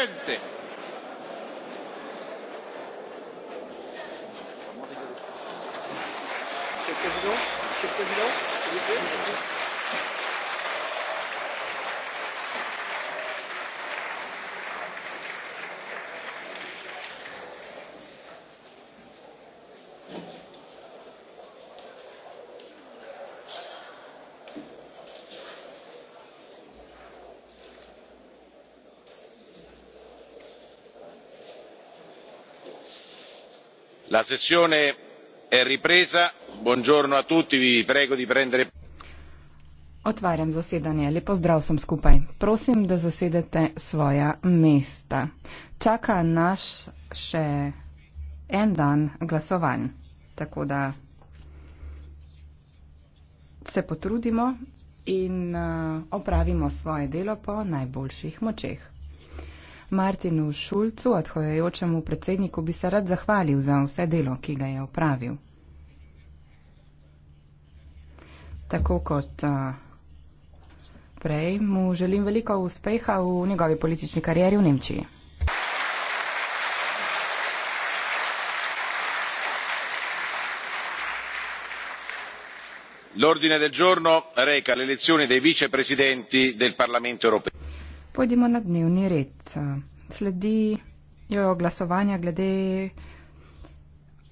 gente. Monsieur le Président, Monsieur le Président, s'il vous plaît. la sessione è ripresa buongiorno a tutti vi prego di prendere Otvarjam zasedanje. Lep pozdrav vsem skupaj. Prosim, da zasedete svoja mesta. Čaka naš še en dan glasovanj, tako da se potrudimo in eh, opravimo svoje delo po najboljših močeh. Martinu Šulcu, odhojajočemu predsedniku, bi se rad zahvalil za vse delo, ki ga je opravil. Tako kot prej, mu želim veliko uspeha v njegovi politični karieri v Nemčiji. L'ordine del giorno reca le elezioni dei viceprezidenti del Parlamento europeo. Pojdimo na dnevni red. Sledi jo glasovanja glede